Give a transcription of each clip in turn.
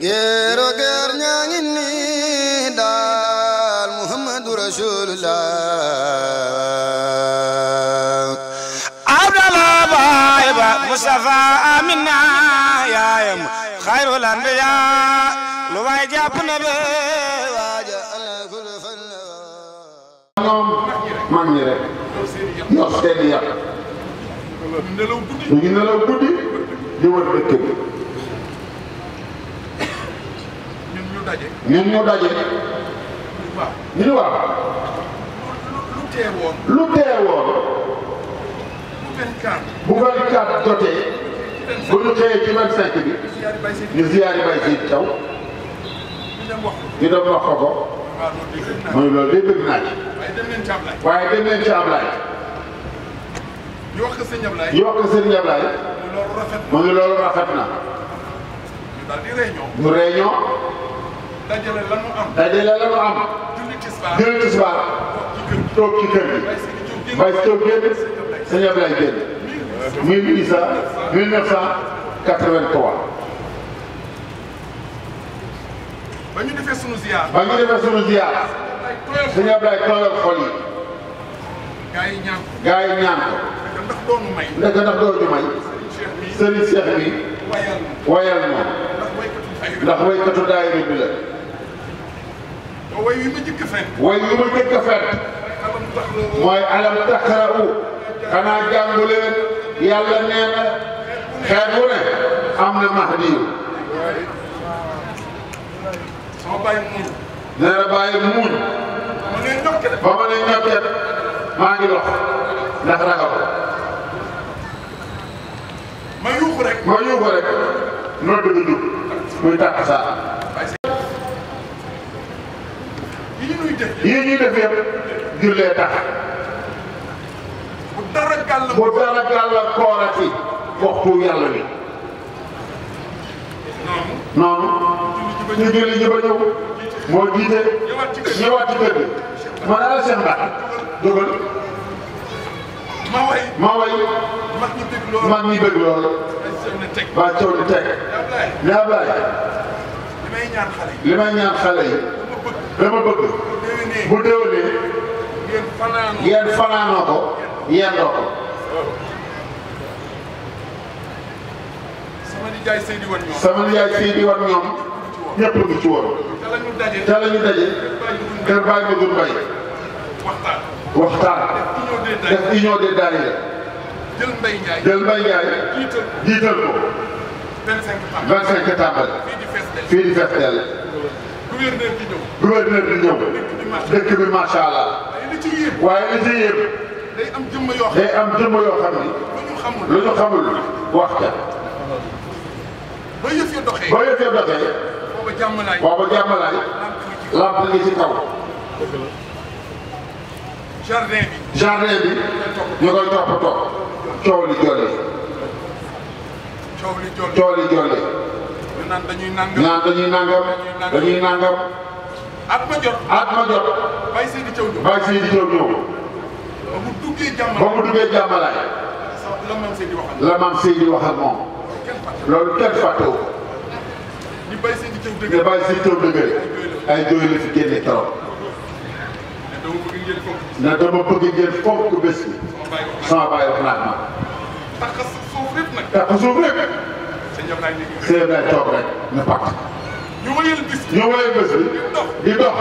géero géer ñaa ngi nii daal muhammadu rasulullah abdallah baay ba mustafa amina yaayam xayrul anbiya lu waay jàpp na be waaja allah kul fan ñoom mag ñi rek ñoo seen yàq ñu ngi nelaw guddi di wër dëkk bi ñun ñu ni waaw. lu teewoon. bu 24 jotee. bu ñu xëyee ci 25 bi. ñu ziyaari taw. ñu dem wax ko ko. mooy loolu day bëgg naa ci. waaye dem leen ci Ablaye. ñu wax ko rafet na. ñu réunion. dajale la mu am. dajale la mu am. julli tisbaar toog ci kër gi. mbay si toog génn sëñ Ablaye génn. 1983. ba ñu defee sunu ziar. ba ñu defee sunu ziar. sëñ Ablaye tooyal xol yi. gaa ñaan ndax doonu may. may. Serigne Cheikh bi. wayal moom. ndax waykatu daayira bi la. way wi ma jëkk fekk way wi ma jëkk fekk mooy am na mahdi yu sama bàyyi muuñ nee na bàyyi muuñ ba ma ma yuuxu rek ma yuuxu rek nodd bi yi ñuy def yëpp jullee tax bu dara gàll koorati waxtu yàlla noonu ñu julli ñu ba ñëw moo jiite ñëwaat ci kër gi ma daal seen baax dugal ma way mag ñi bëgg loolu ba coow teg ne Ablaye li may ñaan xale yi dama bëgg bu déwénee yéen fanaanoo ko yéen doo ko. sama nijaay Seydi woon ñoom sama nijaay Seydi woon ci woon. te la daje kër Baye Madoum Baye waxtaan waxtaan def union des daayira jël Mbaye Ndiaye jël Mbaye Ndiaye jiital ko tàmbali fii di festel gouverneur bi ñëw. gouverneur ñëw. dëkk bi macha allah. waaye li yëpp. day am jëmm yoo xam ne lu ñu xamul wax ca. ba ya doxee. ba yëf ya doxee. booba ngi ci kaw. jardin bi. ñu koy toppatoo. coow li jolli. coow jolli. naan dañuy nangam naan dañuy nangam dañuy nangam. at ma jot at ma jot. bay Seydi Thiaw ba mu duggee jàmmalaay ba mu duggee jàmmalaay. la moom. loolu kenn fàttewu ko. bay Seydi Thiaw dëgg ay jooy fi génne keroog. ne dama bëgg ngeen fonk bés bi. sama baay wax naa ma. tax suuf lépp sëñ Ablaye toog rek ñu pàcc. ñu wëyal bis ñu wëyal bis bi di dox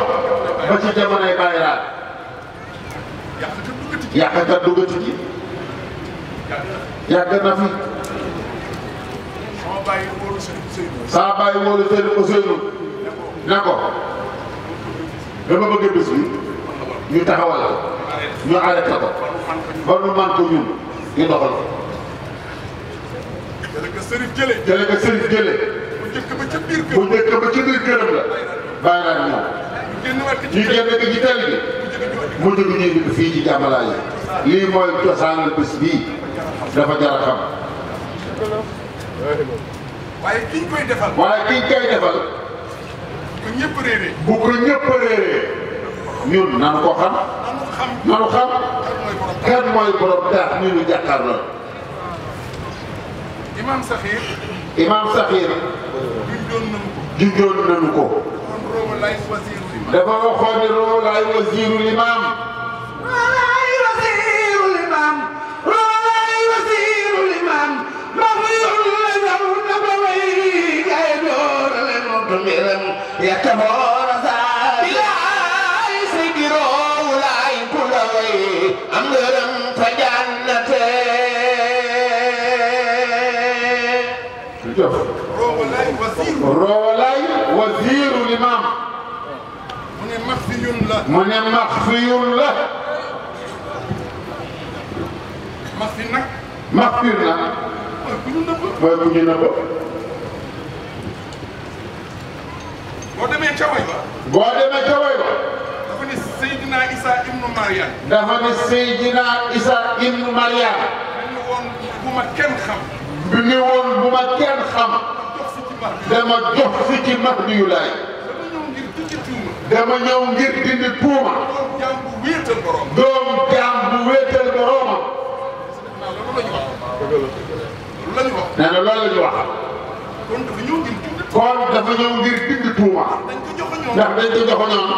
ba ci jamonoy bàyyi laal yàqkat duggati ji yàgg na fi. ko dama bëgg bis bi ñu taxawal ñu arrêté ko nu man ko ñun ñu jële ko sëriñ jële jële ko sëriñ ba ca biir kër la baaraan ñoom ñu génn ko ci tel bi mujj bi fii ci dafa jar xam waaye kiñ koy defal bu ko ñëpp réeree ñun nanu ko xam nanu xam kan mooy borom daax ñu nu jàkkaar la imaam Saxiir. imaam Saxiir. junjoon nañu ko. junjoon nañu ko. dafa waxoon ne roo laay wasiiru limaam. يتبارك jox roolay wasiiru limaam mu ne maxfiyun la mu ne maxfiyun la maxfi nag maxfi nag mooy bu ñu nëbb boo demee ca way ba boo demee ca way ba dafa ne Seydina Isa ibnu Maryam dafa ne Seydina Isa ibnu Maryam dañ woon bu ma kenn xam bi ni woon bu ma kenn xam dama jox si ci Mahdiyu Laay dama ñëw ngir dindi tuuma doom jaam bu wéetal boroomam nee na loolu la ñu wax kon dafa ñëw ngir dindi tuuma ndax dañ ko joxoñoon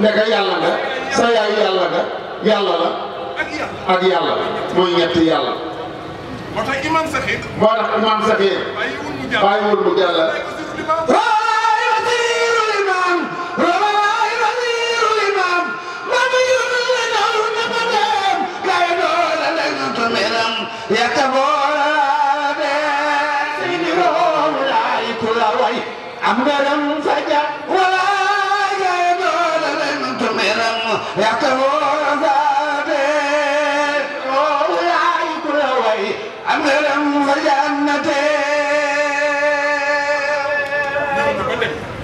ndeka yàlla nga sa yaay yàlla nga yàlla la ak yàlla mooy ñetti yàlla moo tax imam Saxiir moo tax imam Saxiir bàyyiwul mu jàll I'm gonna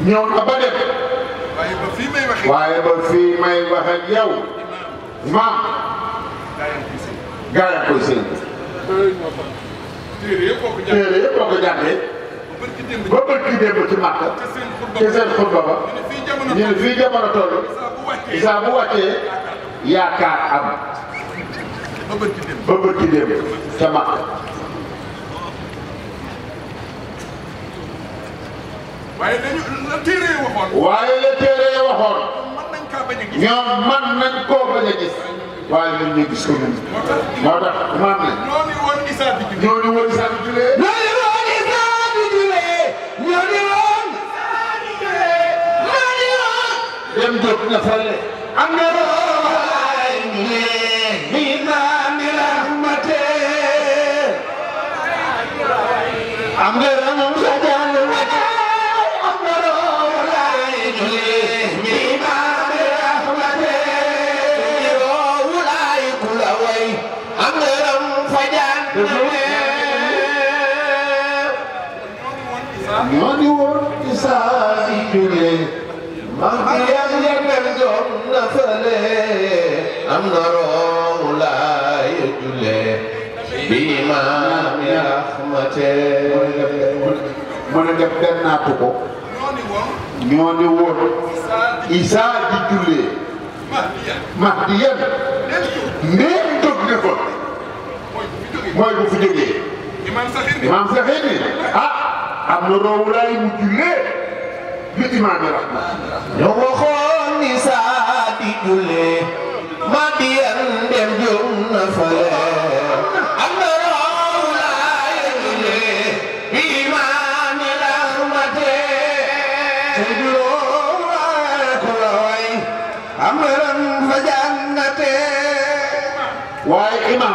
ñëw na ba def waaye ba fii may ba fii may wax ak yow maam gaa yaa koy sëñ téere yëpp boo ko jàngee ba bërki démb ci màkk ci seen xutba ba ñu ne fii jamono toll isaa bu wàccee yaakaar am ba bërki démb ca màkk waaye dañu la téere yi waxoon. waaye la téere yi waxoon. mën nañ kaa bañ a gis. ñoom mën nañ koo bañ a gis. waaye ñun ñu gis ko ñun. moo tax man la. ñoo ni woon Isa di julee. ñoo ni woon Isa di julee. ñoo ni woon Isa di julee. ñoo ni woon. ñoo ni woon. dem jot na fale. am na roolaay mi naan ni rahmate. am na moo di woon ci saa si jógee man bi yàlla yàggal doon na fële am na roobu laay jullee bi imaam ya xamate mu ne def benn naatu ko ñoo ni woon Isaa di jullee Mahdi yan ndéem jóg ne ko mooy bu fi jógee. imaam Saxiir ni imaam Saxiir ni ah am na roowulaay bu jullee li imaam bi wax. ñoo waxoon ni saa di jullee ma di yan dem jom na fale. waaye imam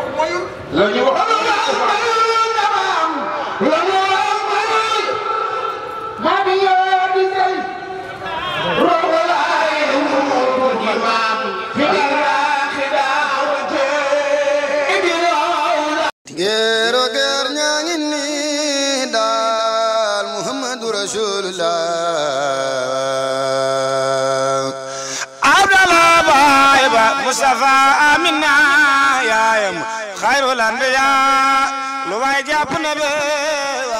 رسول الله عبد الله بايبا مصطفى امنا يا خير الانبياء لو جاب نبي